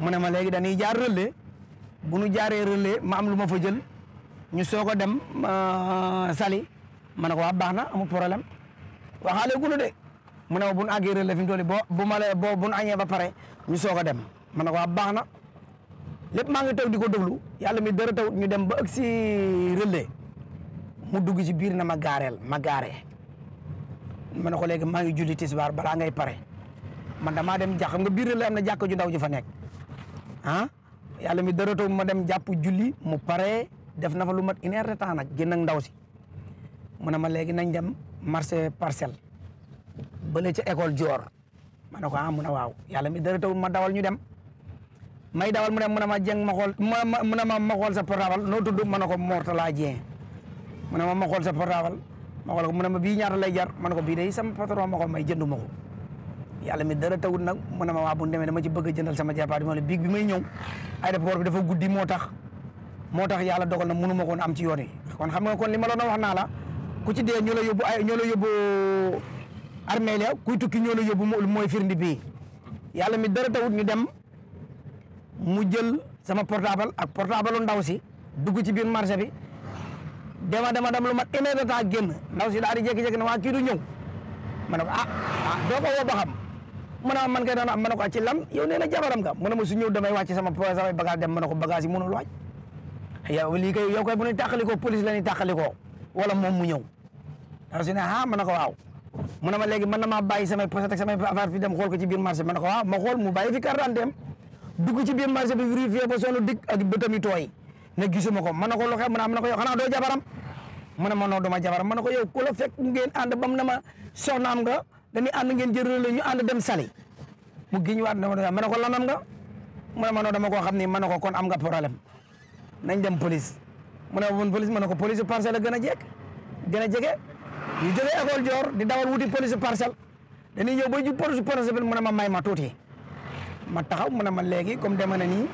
mune ma legui dañuy jaar relé bu nu jaaree relais ma am luma fa jël ñu soko a dem sali mané ko wa baxna amu problème waxale gunu dé mune ma bu nu àggee relais fi mu toll bu ma la bu nu ba pare ñu soko dem mané ko wa baxna lepp ma maa ngi taw diko deglu yalla mi dara taw ñu dem ba ëgg si relais mu dugg ci biir na ma garel ma garé mané ko légui ma ngi julli tisbar bala ngay pare man dama dem jax nga biir relé amna na ju ndaw ju fa nek Hah? yàlla mi dara toog ma dem japp julli mu pare def na fa lu mat une heure de temps nag génn ak ndaw si mu ma léegi nañ dem marché parcel bele ci école Dior ma ko ah, mi dara ma dawal ñu dem may dawal mu ne ma jeng ma xol mu ma ma xool sa portable no tuddu ma ne ko Mortala Dieng ma ma sa portable ma xol ko ma lay jar day sama patron mako may jëndu yalla mi dara tawul nak mu ma waa dama ci bëgg jëndal sama jàppaat mo le big bi may ñëw aéroport bi dafa guddii motax motax yalla dogal na mënu ma koon am ci yoon yi kon xam nga kon lima la doon wax na la ku ci dé ñu la yobbu ay ñu la yobbu ya kuy tukki ñoo la yobbu moy firndi bi yalla mi dara tawul ñu dem mu jël sama portable ak portable lu ndaw si dugg ci biir marché bi dema dama dem lu ma une heure de temps ndaw si daari di jékki na wa ki du ñëw ah ah ko wo ba xam Ya mana man kay dana manako ci lam yow neena jabaram nga muna musu ñew damay wacc sama sama bagage dem manako bagage munu wacc ya wali kay yow ya kay bu takaliko police lañu takaliko wala mom mu ñew dara sina ha manako waw muna ma legi man na ma bayyi sama pochette ak sama affaire fi dem xol ko ci biir marché manako waw ma xol mu bayyi fi carte dem dugg ci biir marché bi vérifier ba sonu dik ak betami toy ne gisuma ko manako lo mana manako yow xana do jabaram mana ma no duma jabaram manako yow la fek ngeen and bam na ma soxnam nga dañuy and ngeen la ñu and dem salé mu giñu wat dama dama ko lan nga mu ne manoo dama ko xamni manoo ko kon am nga problème nañ dem police mu ne woon police manoo ko police parcel gëna gën gëna jégé école jor di dawal wuti police parcel. dañuy ñëw ba ju police parcelle mu ne ma may ma tuti ma taxaw mu ne ma légui comme dem na ni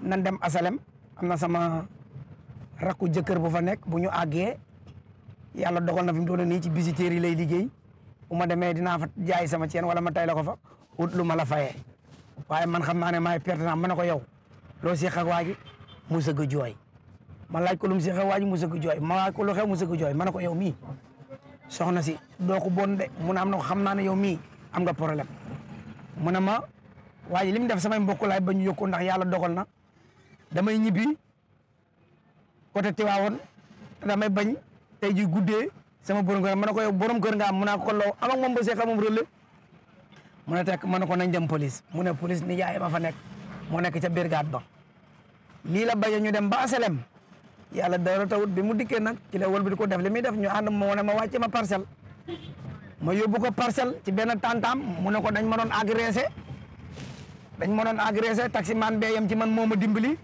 nan dem asalem amna sama rakku jëkkër bu fa nek bu ñu aggé yalla dogal na ni ci visiteur yi lay liggéey bu ma demee dinaa fa jaay sama ceen wala ma tay la ko fa ut lu ma la fayee waaye man xam naa ne maay perte naa ma ne ko yow loo seq ak waa ji mu sëgg jooy ma laaj ko lu mu seq ak waa ji mu sëgg jooy ma laaj ko lu xew mu sëgg jooy ma ne ko yow mii soxna si doo ko bon de mu ne am na ko xam naa ne yow mii am nga problème mu ne ma waa ji li mu def samay mbokk laay ba ñu yokku ndax yàlla dogal na damay ñibbi côté Tiwaawoon sama borom ko manako borom ko nga am ko law am ak moom ba xam moom rôle polis, tek manako nañ dem police mu police ni yaay ma fa nekk moo nekk ca brigade ba li la baye ñu dem ba Asalem yalla dara tawut bi mu dikke nak ci la bi ko def limi def ñu and mo ne ma wacce ma parcel ma yobbu ko parcel ci ben tantam mu ne ko dañ ma don agressé dañ ma doon agressé taximan bee yem ci man moma dimbali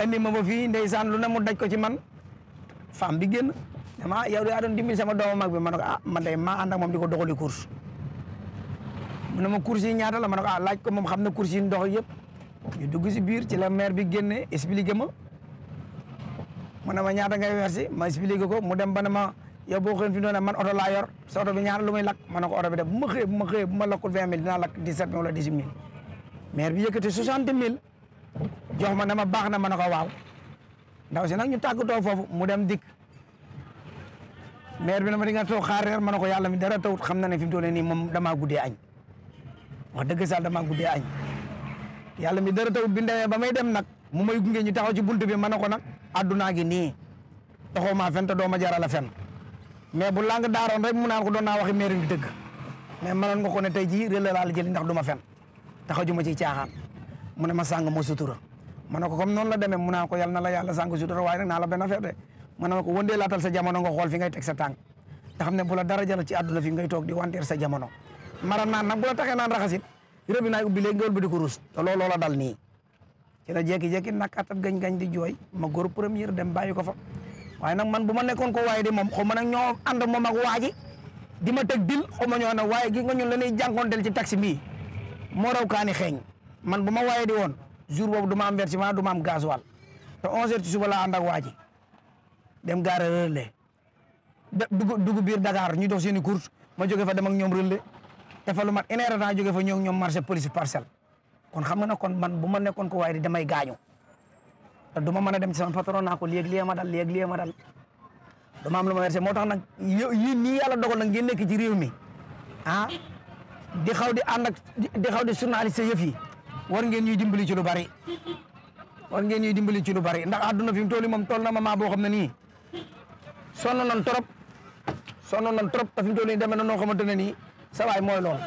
andi ma ba fi ndeysan lu ne mu daj ko ci man fam bi genn dama yow yaa doon dimbali sama doomu mag bi man ko ah man day ma andak mom diko doxali course mu ma course yi ñaata la man ko ah laaj ko mom xamna course yi ndox yeb ñu dugg ci biir ci la maire bi genné expliquer ma mu ma ñaata ngay wersi ma expliquer ko mu dem ba ma yow bo xëyoon fi doon man auto la yor sa auto bi ñaar lu muy lak man ko auto bi def bu ma xey bu ma xey bu ma lakul 20000 dina lak lakk wala 18000 huit maire bi yëkkati 60000 jox ma ne ma baax na ma ko waaw ndaw si nak ñu tagu tàggatoo fofu mu dem dik mer bi na ma di nga toog xaar reer manako yalla mi dara tawut xamna ne fim tole ni mom dama damaa guddee añ wax deug sal dama guddee añ yalla mi dara tawut bi ndewé bamay dem nak mu may gungé ñu taxaw ci buntu bi manako nak aduna gi ni taxaw fen ta doo ma jarala fen mais bu lang daaron rek mu naan ko do na waxi mer bi deug mais manan nga ko ne tay ji reele laa la ndax duma fen taxaw ju ma ciy caaxaan mu ne ma sang mo sutura manako comme la demee mu naan ko yalla na la yalla sang sutura way rek na la ben affaire manam ko wonde latal sa jamono nga xol fi ngay tek sa tànk da xamne bu la dara jaral ci aduna fi ngay tok di wanteer sa jamono mara naan nag bu la taxee naan raxasit rebi naay ubbi léegi bi wëlbati ko ruus te la dal ni ci la jeki jékki nag gagn gagn di joy ma gor premier dem bayiko fa waye nak man buma nekkon ko waye di mom xoma nak ño and mom ak waji di ma dil xoma ño na waye gi nga ñun la ñuy del ci taxi bi mo raw kaani xegn man buma waye di won jour bobu duma am versement du ma am gasoil te 11 h ci suba la and ak waji dem le relais dug dug bir Dakar ñu dox seen course ma jóge fa dem ak ñoom relais fa lu mat une heure temps fa ñok ñom marché police parcel kon xam nga ne kon man buma nekkon ko waaye di damay gañu da duma ma dem ci sama patron naa ko léegi lii ma dal léegi lii ma dal du am luma ma motax nak yi ni yalla dogal nak ngeen nekk ci réew mi ah di xaw di and ak di xaw di journaliste yëf yi war ngeen ñuy dimbali ci lu bari war ngeen ñuy dimbali ci lu bari ndax aduna fi mu toll moom toll na ma bo xamna ni sonn nañ trop sonn nañ trop te fi mu toll nii demee na noo xamante ne nii sa mooy loolu